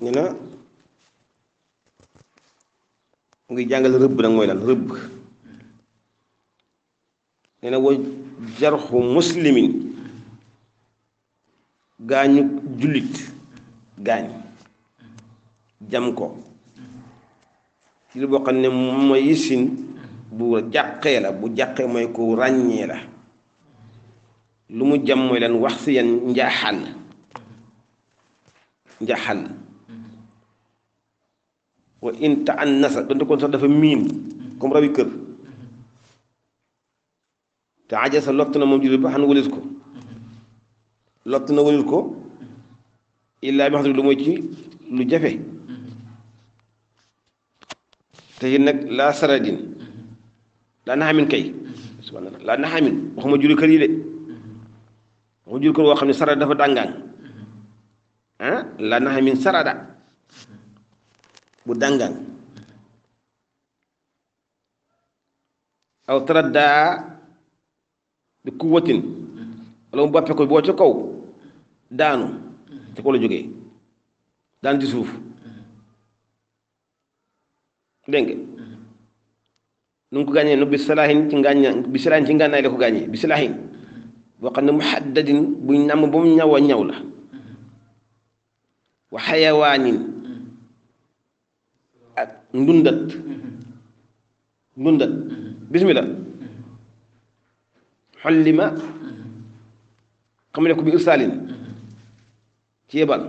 nee na mu ngi jàngale rëbb nag mooy lan rëbb nee na wa jarxu muslimin gaañu jullit gaañ jam ko ci li boo xam ne mooy isin bu jàqee la bu jàqee mooy ku ràññee la lu mu jam mooy lan wax si yan njaaxal njaaxal wa in taannasa donte kon sax dafa miin comme rabi kër te ajasa lott na moom jullit ba xan walis ko lott na walis ko illaa bi xam lu mooy ci lu jafe te it nag laa saradin laa naxamin kay subhanallah laa naxamin waxuma julli kër yi de waxuma julli kër woo xam ne sarada dafa dàngaan ah laa naxamin sarada bu dangal aw taradda bi kuwatin wala mu boppe ko boo ca kaw daanu te ko la joge daan ci suuf deng nu ko gagne no bisalahin ci ngàñña bisalahin ci ganna la ko gagne bisalahin salaahin boo muhaddadin bu ñam bu ñaw ñaw la wa hayawanin ndundat ndundat bismillah xollima xam ko bi irsalin ci yebal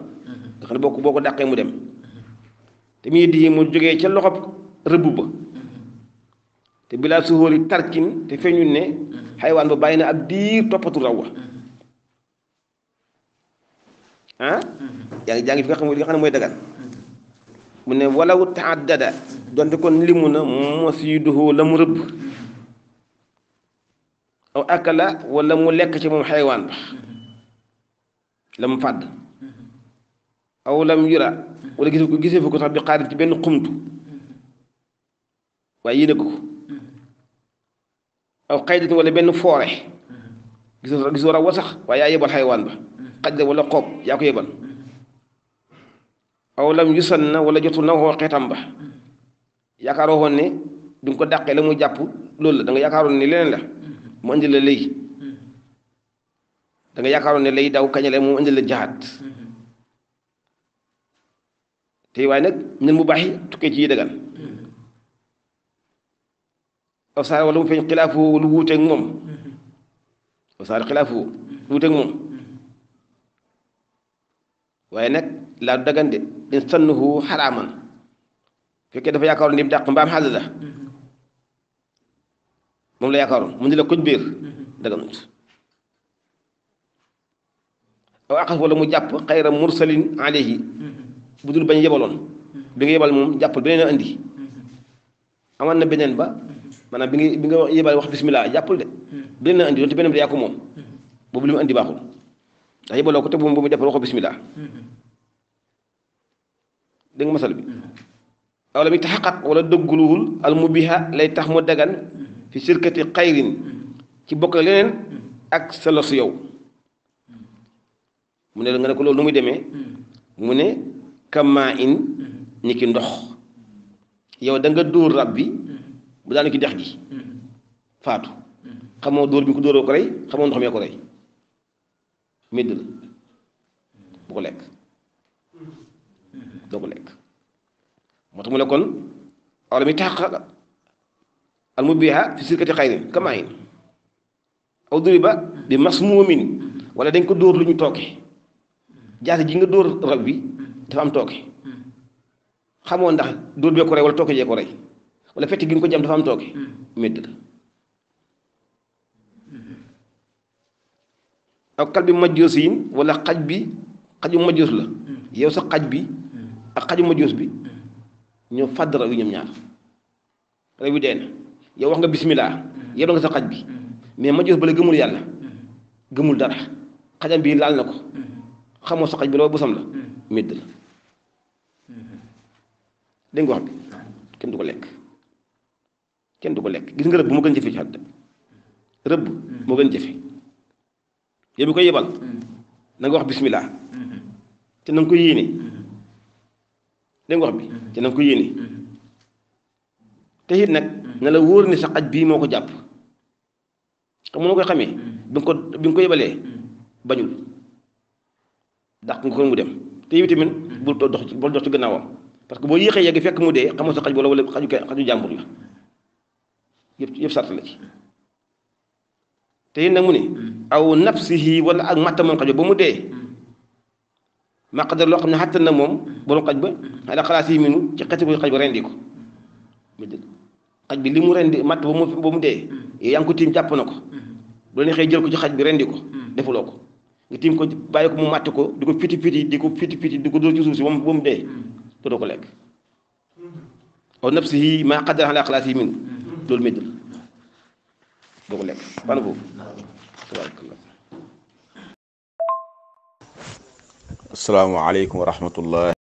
da xam ne boko ko mu dem te di mu joge ci loxop ba te bila suhóoli tarkin te feñu ne haywan ba bayina ab topatu rawa han ah yaa fi nga xam nga xam moy dagal mu ne walaw taaddada donte kon limu na mos yi duhoo aw akala wala mu lek ci mom haywan ba lam fad aw lam yura wala gise ko gisee ko sax bi xaarit ci ben xumtu way yene ko aw xaydatin wala ben foré gisoo gisoo ra wa sax way ya yebal haywan ba qadda wala qob ya ko yebal aw lam yusan na wala jotul na waxoo xeetam ba yaakaaroo woon ne bi nga ko dàqee la mu jàpp loolu la danga nga yaakaaroon ne leneen la mu lay yaakaaroon ne lay daw kañale mu indi la jaxat te waaye nag ñun mu baaxi tukkee ci yi dagan aw saar wala mu feeñ xilaafu lu moom aw saar xilaafu lu moom waaye nag laa du dagan de لسنه حراما فكي دفع يكار نبدا قنبام حزدة مم لا يكار من دل كجبير دقنت أو أقف ولا مجاب غير مرسل عليه بدل بني يبلون بني يبل مم جاب بني عندي أمان بنين با مانا بني بني يبل وقت بسم الله جاب بني عندي وانت بني بلي أكو مم بقول لهم عندي باخو هاي بقول لك تبغون بقول لك بسم الله dégg nga masal bi aw lam yatahaqqaq wala dëgguluwul al mubiha lay tax mu dagan fi sirkati xayrin ci bokk leneen ak sa los yow mu ne la nga ne ko loolu nu muy demee mu ne kamaa in ni ki ndox yow da nga dóor rab bi bu daanu ki dex gi faatu xamoo dóor bi ko dóoroo ko rey xamoo ndox mee ko rey médd bu ko lekk doo ko lekk moo tax mu ne kon awlam yatahaqqaq al mubiha fi sirkati xayrin kama in aw duriba bi masmuumin wala dañ ko door lu ñu tooke jaasi ji nga door rab bi dafa am tooke xamoo ndax dóor bee ko rey wala tooke ko rey wala gi nga ko jam dafa am tooke médd la aw kal bi majjoos yin xaj bi xaju majjoos la yow sa xaj bi ak xaju majuus bi ñu fadra wi yi ñaar raw den yow wax nga bismillah yebal nga sa xaj bi mais majuus ba la gëmul yalla gëmul dara xajam bi lal na xamo sa xaj bi lo busam la medd la dégg nga wax bi kenn duko lek kenn duko lek gis nga rebb mo gën jëfé ci xadd rebb mo gën jëfé yebiko yebal nga wax bismillah te na koy yini dégg wax bi mm-hmm. te na nga ko yéene mm-hmm. te it nag mm-hmm. na la wóor ni sa xaj bii moo ko jàpp xam nga noo koy xamee bi nga ko bi nga ko yebalee bañul dax nga ko mu dem te yow tamit bul dox ci bul dox ci gannaawam parce que boo yéexee gi fekk mu dee xamoo sa xaj wala wala xaju xaju jàmbur la yëpp yëpp sart la ci te it nag mu ne aw nafsihi wala ak matta moom xaju ba mu dee ما قدر لو حتى نموم بلو قد بي هذا خلاص يمينو كي قتبو قد بي رنديكو قد بي لمو رندي مات بمو بمو دي إيه، يان كو تيم جاب نوكو بلو نخي جلو كي قد بي رنديكو دفو لوكو نتيم كو بايو كو مات كو ديكو فيتي فيتي ديكو فيتي فيتي ديكو دو جسوسي بمو بمو دي تو دوكو لك او نفسه ما قدر على خلاص يمينو دول ميدل دوكو لك بانو بو تبارك الله السلام عليكم ورحمة الله